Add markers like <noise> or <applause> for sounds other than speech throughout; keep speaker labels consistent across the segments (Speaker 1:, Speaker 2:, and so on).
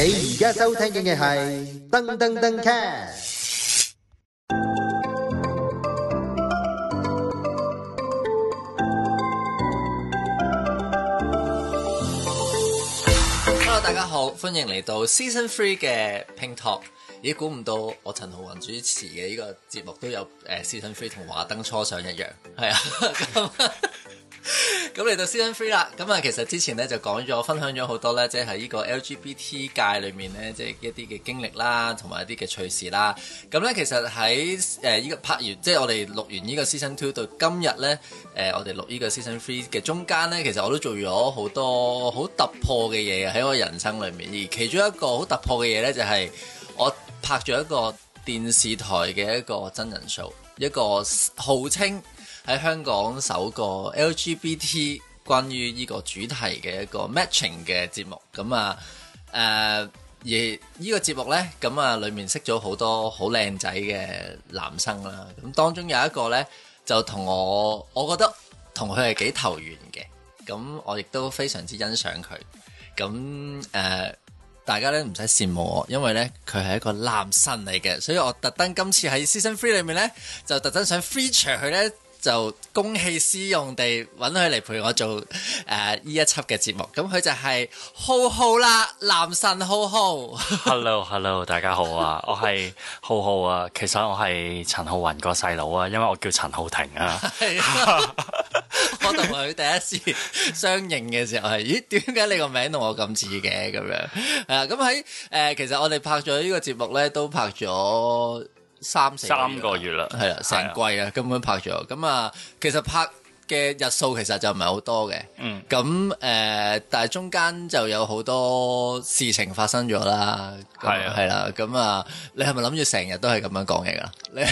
Speaker 1: 你而家收聽嘅係噔噔噔
Speaker 2: cast Hello，大家好，歡迎嚟到 Season Three 嘅 Ping Talk。咦，估唔到我陳浩雲主持嘅呢個節目都有誒 Season Three 同華燈初上一樣，係啊。咁嚟到 Season Three 啦，咁啊，其實之前咧就講咗，分享咗好多咧，即係呢個 LGBT 界裏面咧，即係一啲嘅經歷啦，同埋一啲嘅趣事啦。咁咧，其實喺誒依個拍完，即係我哋錄完呢個 Season Two 到今日咧，誒我哋錄呢個 Season Three 嘅中間咧，其實我都做咗好多好突破嘅嘢喺我人生裏面。而其中一個好突破嘅嘢咧，就係我拍咗一個電視台嘅一個真人 show，一個號稱，喺香港首個 LGBT 關於呢個主題嘅一個 matching 嘅節目，咁啊，誒、呃，而呢個節目呢，咁啊，裏面識咗好多好靚仔嘅男生啦，咁當中有一個呢，就同我，我覺得同佢係幾投緣嘅，咁我亦都非常之欣賞佢，咁誒、呃，大家咧唔使羨慕我，因為呢，佢係一個男生嚟嘅，所以我特登今次喺 Season Three 裏面呢，就特登想 feature 佢呢。就公器私用地揾佢嚟陪我做誒呢、呃、一輯嘅節目，咁佢就係浩浩啦， <laughs> 浩浩啦，男神浩浩 <laughs> 。
Speaker 1: Hello，Hello，大家好啊，我係浩浩啊，其實我係陳浩雲個細佬啊，因為我叫陳浩廷啊。
Speaker 2: 我同佢第一次相認嘅時候係，咦，點解你個名同我咁似嘅咁樣？係 <laughs> 啊，咁喺誒，其實我哋拍咗呢個節目咧，都拍咗。三四個三個
Speaker 1: 月啦，係啦的，成季
Speaker 2: 啊，的根本拍咗咁啊，其實拍嘅日數其實就唔係好多嘅，咁誒、嗯嗯，但係中間就有好多事情發生咗啦，係是啊，啊，係啦，咁啊，你係咪諗住成日都係咁樣講嘢㗎？你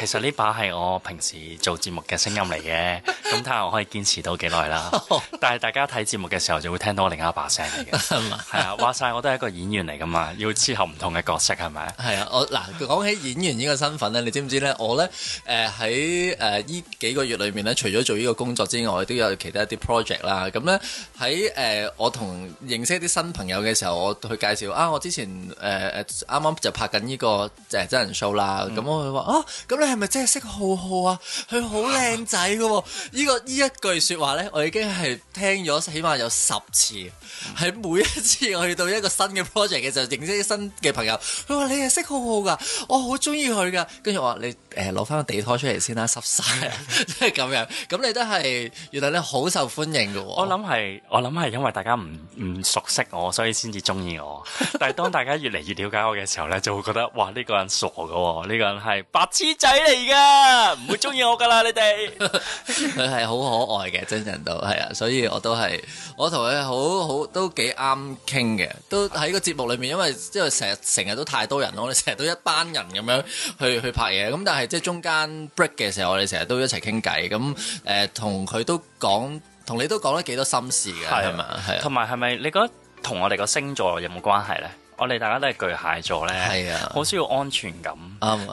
Speaker 1: 其實呢把係我平時做節目嘅聲音嚟嘅，咁睇下我可以堅持到幾耐啦， <laughs> 但係大家睇節目嘅時候就會聽到我另一把聲嚟嘅，係 <laughs> 啊，話晒我都係一個演員嚟噶嘛，要適合唔同嘅角色係咪？
Speaker 2: 係啊，我嗱講起演員呢個身份咧，你知唔知咧？我咧誒喺誒呢幾個月裏面咧，除咗做呢個工作之外，都有其他一啲 project 啦。咁咧喺誒我同認識一啲新朋友嘅時候，我去介紹啊。我之前誒誒啱啱就拍緊呢個誒真人 show 啦。咁、嗯、我佢話啊，咁你係咪真係識浩浩啊？佢好靚仔嘅喎、哦。呢、啊這個呢一句説話咧，我已經係聽咗起碼有十次。喺、嗯、每一次我去到一個新嘅 project 嘅時候，認識啲新嘅朋友，佢話你係識浩浩㗎？我好中意佢㗎。跟住我話你誒攞翻個地拖出嚟先啦，濕晒。」即係咁樣。咁你都係原來咧好受歡迎嘅、哦，我諗係我諗係因為大家
Speaker 1: 唔唔熟悉我，所以先至中意我。但係當大家越嚟越了解我嘅時候咧，就會覺得哇呢、這個人傻嘅、哦，呢、這個人係白痴仔嚟噶，唔會中意我噶啦 <laughs> 你哋們。
Speaker 2: 佢係好可愛嘅真人都係啊，所以我都係我同佢好好都幾啱傾嘅，都喺個節目裏面，因為因為成日成日都太多人咯，我哋成日都一班人咁樣去去拍嘢，咁但係即係中間 break 嘅時候，我哋成日都一齊傾偈咁。誒同佢都講，同你都講咗幾多心事嘅，係咪啊？係啊。同埋
Speaker 1: 係咪你覺得同我哋個星座有冇關係咧？我哋大家都係巨蟹座咧，好需要安全感，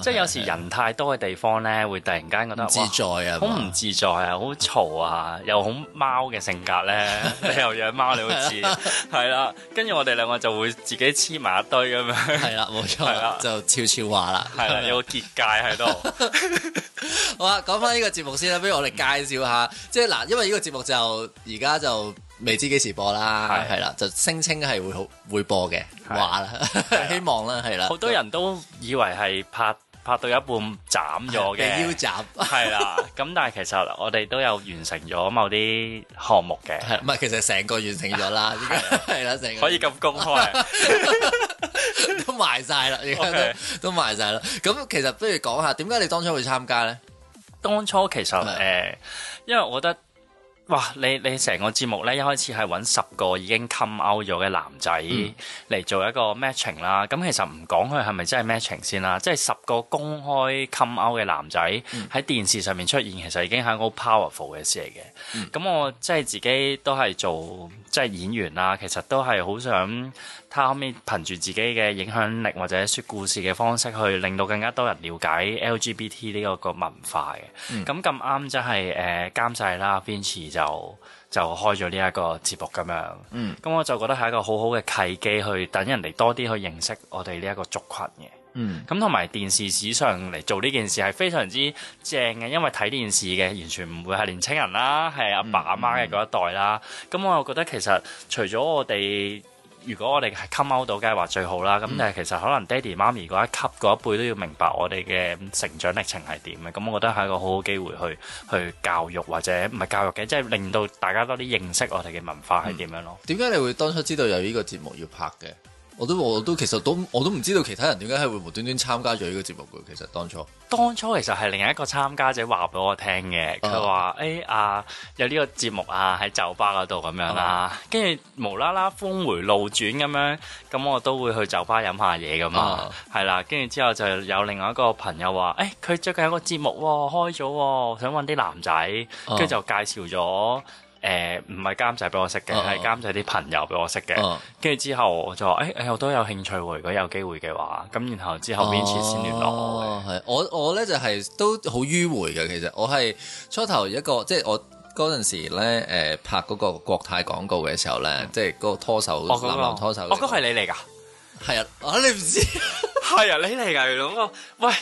Speaker 1: 即係有時人太多嘅地方咧，會突然間覺得好自在啊，好唔自在啊，好嘈啊，又好貓嘅性格咧，你又養貓，你好似係啦，跟住我哋兩個就會自己黐埋一堆咁樣，係啦，冇錯，
Speaker 2: 就悄悄話啦，係啦，有
Speaker 1: 個結界喺度。
Speaker 2: 好啊，講翻呢個節目先啦，不如我哋介紹下，即係嗱，因為呢個節目就而家就。未知幾時播啦，係啦的，就聲稱係會好會播嘅話的，希望啦係啦。好多人都
Speaker 1: 以為係拍拍到一半斬咗嘅腰
Speaker 2: 斬，係 <laughs> 啦。
Speaker 1: 咁但係其實我哋都有完成咗某啲項目嘅，唔係，其實成個完成咗啦，
Speaker 2: 係啦成個。可以
Speaker 1: 咁公開
Speaker 2: <laughs> <laughs> 都埋晒啦，都 Okay. 都埋晒啦。咁其實不如講下點解你當初會參加咧？當初其實
Speaker 1: 誒、呃，因為我覺得。哇！你你成個節目咧，一開始係揾十個已經 come out 咗嘅男仔嚟做一個 matching 啦、嗯。咁其實唔講佢係咪真係 matching 先啦，即係十個公開 come out 嘅男仔喺電視上面出現，嗯、其實已經係一個好 powerful 嘅事嚟嘅。咁、嗯、我即係自己都係做即係、就是、演員啦，其實都係好想。他後面憑住自己嘅影響力或者説故事嘅方式，去令到更加多人了解 LGBT 呢一個文化嘅。咁咁啱即係誒監製啦，Vincy 就就開咗呢一個節目咁樣。咁、嗯、我就覺得係一個好好嘅契機，去等人哋多啲去認識我哋呢一個族群嘅。咁同埋電視史上嚟做呢件事係非常之正嘅，因為睇電視嘅完全唔會係年青人啦，係阿爸阿媽嘅嗰一代啦。咁、嗯嗯嗯、我又覺得其實除咗我哋。如果我哋係 come out 到，梗係話最好啦。咁但係其實可能爹哋媽咪嗰一級嗰一輩都要明白我哋嘅成長歷程係點嘅。咁我覺得係一個好好機會去去教育或者唔係教育嘅，即係令到大家多啲認識我哋嘅文化係點樣咯。
Speaker 2: 點解、嗯、你會當初知道有呢個節目要拍嘅？我都我都其實都我都唔知道其他人點解係會無端端參加咗呢個節目嘅，其實當初
Speaker 1: 當初其實係另外一個參加者話俾我聽嘅，佢話誒啊有呢個節目啊喺酒吧嗰度咁樣啦、啊，跟住、uh huh. 無啦啦峰回路轉咁樣，咁我都會去酒吧飲下嘢咁嘛，係啦、uh，跟、huh. 住之後就有另外一個朋友話誒，佢、欸、最近有個節目、啊、開咗、啊，想揾啲男仔，跟住、uh huh. 就介紹咗。誒唔係監製俾我識嘅，係、啊、監製啲朋友俾我識嘅。跟住、啊、之後我就話誒誒，我都有興趣喎。如果有機會嘅話，咁然後之後邊先先聯絡
Speaker 2: 我嘅、啊。我我咧就係、是、都好迂回嘅。其實我係初頭一個，即係我嗰陣時咧誒、呃、拍嗰個國泰廣告嘅時候咧，嗯、即係嗰個拖手男男、哦那個、拖手、那個，嗰個係你嚟㗎？係啊啊！你唔知
Speaker 1: 係 <laughs> <laughs> 啊？你嚟㗎？原來喂。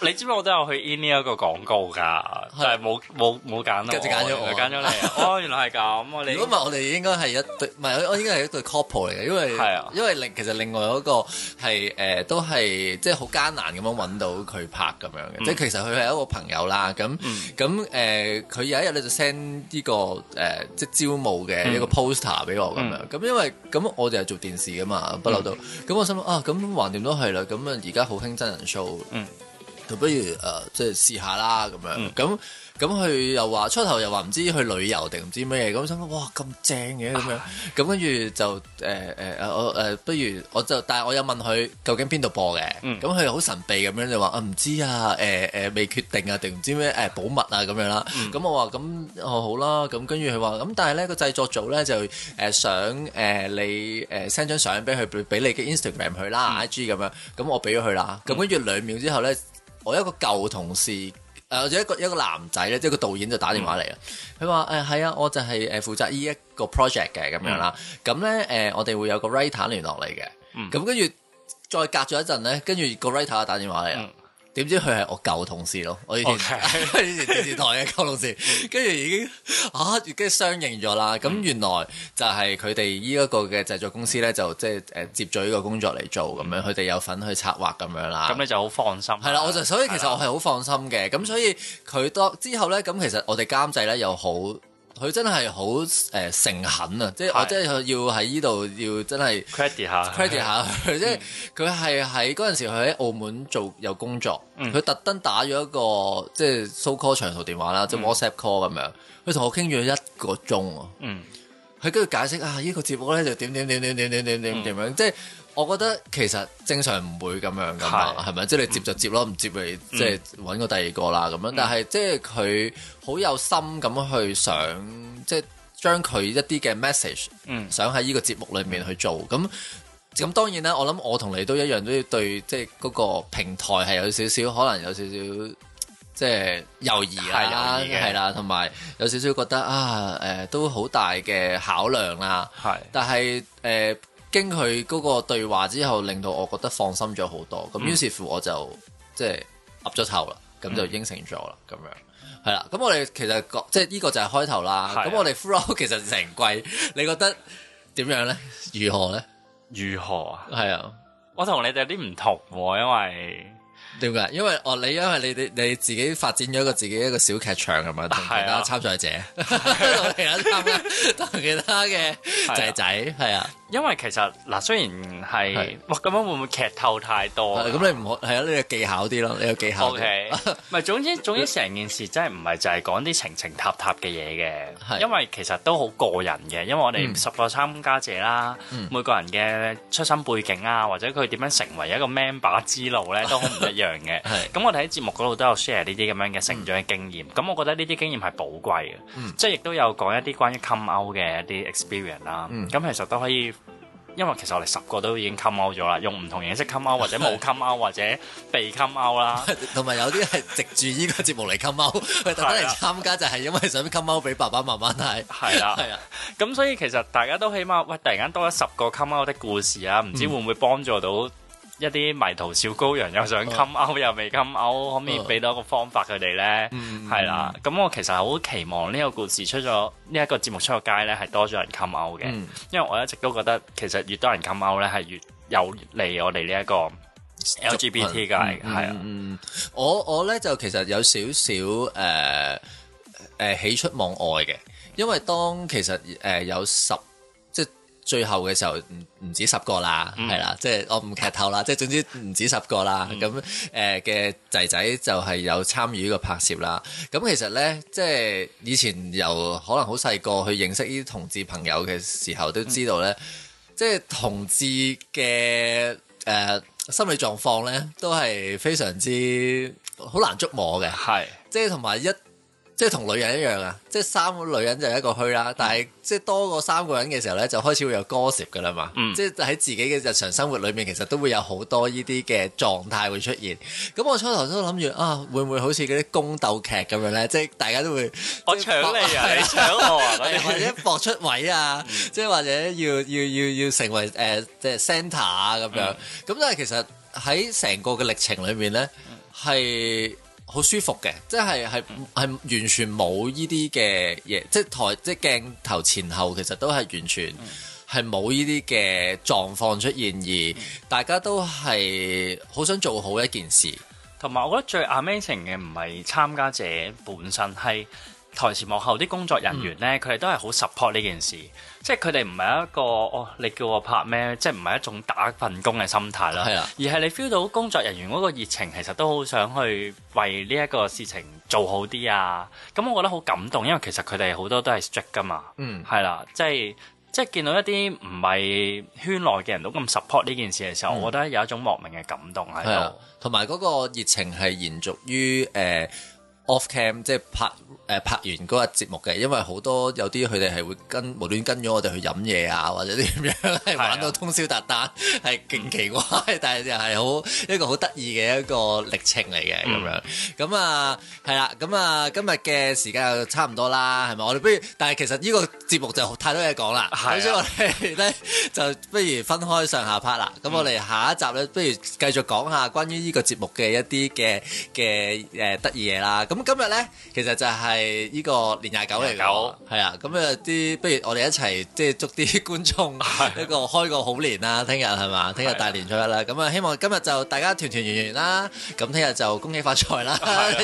Speaker 1: 你知唔知我都有去 in 呢一個廣告噶就係冇
Speaker 2: 冇冇揀，跟住揀咗，揀咗你哦，
Speaker 1: 原來係咁。如果唔係
Speaker 2: 我哋應該係一對，唔係我應該係一對 couple 嚟嘅，因為因為另其實另外嗰個係誒都係即係好艱難咁樣揾到佢拍咁樣嘅，即係其實佢係一個朋友啦。咁咁誒，佢有一日咧就 send 呢個誒即係招募嘅一個 poster 俾我咁樣。咁因為咁我哋係做電視噶嘛，不嬲到。咁我心諗啊，咁橫掂都係啦。咁啊而家好興真人 show。就不如誒，即係試下啦，咁樣咁咁。佢又話出頭，又話唔知、嗯、知去旅遊定唔知咩嘢。咁心諗哇，咁正嘅咁樣咁，跟住就誒誒誒我誒，不如我就但係我有問佢究竟邊度播嘅。咁佢好神秘咁樣就話啊，唔知啊，誒、嗯、誒未決定啊，定唔知咩誒保密啊咁樣啦。咁、嗯、我話咁哦好啦，咁跟住佢話咁，但係咧個製作組咧就誒想誒、呃、你誒 send 張相俾佢俾你嘅 Inst Instagram 佢啦，IG 咁樣。咁我俾咗佢啦。咁跟住兩秒之後咧。我一個舊同事，誒、呃，或者一個一個男仔咧，即係個導演就打電話嚟啦。佢話誒係啊，我就係誒負責呢、嗯呃、一個 project 嘅咁樣啦。咁咧誒，我哋會有個 writer 聯絡嚟嘅。咁跟住再隔咗一陣咧，跟住個 writer 打電話嚟啦。嗯點知佢係我舊同事咯，我以前，係以前電視台嘅舊同事，跟住已經啊，跟、啊、住相認咗啦。咁、嗯、原來就係佢哋呢一個嘅製作公司咧，就即係誒接咗呢個工作嚟做咁樣，佢哋有份去策劃咁樣啦。咁、嗯、你就好放心，係啦、嗯，我就所以其實我係好放心嘅。咁對所以佢多之後咧，咁其實我哋監製咧又好。佢真係好誒誠懇啊！即係的我真係要喺呢度要真係 credit 下 credit 下即係佢係喺嗰陣時佢喺澳門做有工作，佢 <noise> 特登打咗一個即係 so call 長途電話啦，即係 <noise> WhatsApp call 咁樣，佢同我傾咗一個鐘 <noise> 啊！
Speaker 1: 嗯、
Speaker 2: 這個，佢跟住解釋啊，呢個節目咧就點點點點點點點點點樣，即係。 <noise> <noise> 我覺得其實正常唔會咁樣噶，係咪？即係你接就接咯，唔接你即係揾個第二個啦咁樣。嗯、但係即係佢好有心咁去想，即係將佢一啲嘅 message，想喺呢個節目裡面去做。咁咁當然咧，我諗我同你都一樣，都要對即係嗰個平台係有少少，可能有少少即係猶疑啦，係啦，同埋有少少覺得啊，誒、嗯嗯、都好大嘅考量啦。係的，但係誒。嗯經佢嗰個對話之後，令到我覺得放心咗好多。咁於、嗯、是乎，我就即係岌咗頭啦，咁就應承咗啦。咁樣係啦。咁、嗯、我哋其實即係呢個就係開頭啦。咁是、啊、我哋 flow 其實成季你覺得點樣咧？如何咧？如何啊？係是啊，我你同你哋有啲唔同喎，因為點解？因為哦，你因為你哋你自己發展咗一個自己一個小劇場咁樣？其他參賽者同是、啊、 <laughs> 其他嘅仔仔
Speaker 1: 係啊。因為其實嗱，雖然係，咁是樣會唔會劇透太多、啊？咁
Speaker 2: 你唔好係啊，你有技巧啲咯，你有技巧。O K，
Speaker 1: 唔係總之總之成件事真係唔係就係講啲情情塔塔嘅嘢嘅，是因為其實都好個人嘅，因為我哋十個參加者啦，嗯、每個人嘅出身背景啊，或者佢點樣成為一個 member 之路咧，都好唔一樣嘅。咁 <laughs> 是我哋喺節目嗰度都有 share 呢啲咁樣嘅成長嘅經驗。咁、嗯、我覺得呢啲經驗係寶貴嘅，嗯、即係亦都有講一啲關於 come out 嘅一啲 experience 啦、嗯。咁其實都可以。因為其實我哋十個都已經 come out 咗啦，用唔同形式 come out，或者冇 come out，或者被 come out 啦，
Speaker 2: 同埋有啲係藉住依個節目嚟 come out，佢特登嚟參加就係因為想 come out 俾爸爸媽媽睇，係啦，係啊，咁、啊啊、所以其實大家都起碼，喂，突
Speaker 1: 然間多咗十個 come out 的故事啊，唔知會唔會幫助到、嗯？一啲迷途小羔羊又想 come out、uh, 又未 come out，可唔可以俾到、uh, 一個方法佢哋呢？係啦、mm，咁、hmm. 我其實好期望呢個故事出咗，呢、這、一個節目出咗街呢，係多咗人 come out 嘅。Mm hmm. 因為我一直都覺得其實越多人 come out 咧，係越有越利我哋呢一個 LGBT 界。係啊、嗯
Speaker 2: 嗯的，我我呢就其實有少少誒誒喜出望外嘅，因為當其實誒、呃、有十。最後嘅時候唔唔止十個啦，係啦、嗯，即係我唔劇透啦，即係總之唔止十個啦，咁誒嘅仔仔就係有參與呢個拍攝啦。咁其實呢，即係以前由可能好細個去認識呢啲同志朋友嘅時候，都知道呢，嗯、即係同志嘅誒、呃、心理狀況呢，都係非常之好難捉摸嘅，係，即係同埋一。即係同女人一樣啊！即係三個女人就係一個虛啦，但係即係多過三個人嘅時候咧，就開始會有 gossip、mm. 嘅啦嘛。即係喺自己嘅日常生活裏面，其實都會有好多呢啲嘅狀態會出現。咁我初頭都諗住啊，會唔會好似嗰啲宮鬥劇咁樣咧？即係大家都會 ada,
Speaker 1: 我搶你啊，你搶我啊，或
Speaker 2: 者搏出位啊，即係或者要要要要成為誒即、uh, 係 centre 啊咁樣。咁、uh. 但係其實喺成個嘅歷程裏面咧，係。好舒服嘅，即係係係完全冇呢啲嘅嘢，即係台即係鏡頭前後其實都係完全係冇呢啲嘅狀況出現，而大家都係好想做好
Speaker 1: 一件事。同埋我覺得最 amazing 嘅唔係參加者本身係，台前幕後啲工作人員呢，佢哋、嗯、都係好 support 呢件事，即係佢哋唔係一個哦，你叫我拍咩，即係唔係一種打份工嘅心態啦，啊、而係你 feel 到工作人員嗰個熱情，其實都好想去為呢一個事情做好啲啊！咁我覺得好感動，因為其實佢哋好多都係 straight 噶嘛，嗯，係啦、啊，即係即係見到一啲唔係圈內嘅人都咁 support 呢件事嘅時候，嗯、我覺得有一種莫名嘅感動喺
Speaker 2: 度，同埋嗰個熱情係延續於誒。呃 Off cam 即係拍誒拍完嗰個節目嘅，因為好多有啲佢哋係會跟無端端跟咗我哋去飲嘢啊，或者點樣，係玩到通宵達旦，係勁奇怪，但係又係好一個好得意嘅一個歷程嚟嘅咁樣。咁啊係啦，咁啊今日嘅時間又差唔多啦，係咪？我哋不如，但係其實呢個節目就太多嘢講啦，所以我哋咧就不如分開上下 part 啦。咁我哋下一集咧，不如繼續講下關於呢個節目嘅一啲嘅嘅誒得意嘢啦。咁咁今日呢，其實就係呢個年廿九嚟㗎，係啊。咁啊，啲不如我哋一齊即係祝啲觀眾一個開個好年啦。聽日係嘛？聽日大年初一啦。咁啊，希望今日就大家團團圓圓啦。咁聽日就恭喜發財啦，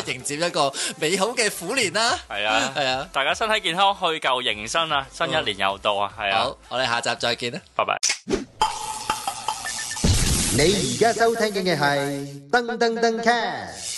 Speaker 2: 迎接一個美好嘅虎年啦。係
Speaker 1: 啊，係啊，大家身體健康，去舊迎新啊！新一年又到啊，係啊。好，我哋下集再見啦，拜拜。你而家收聽緊嘅係噔噔噔 cast。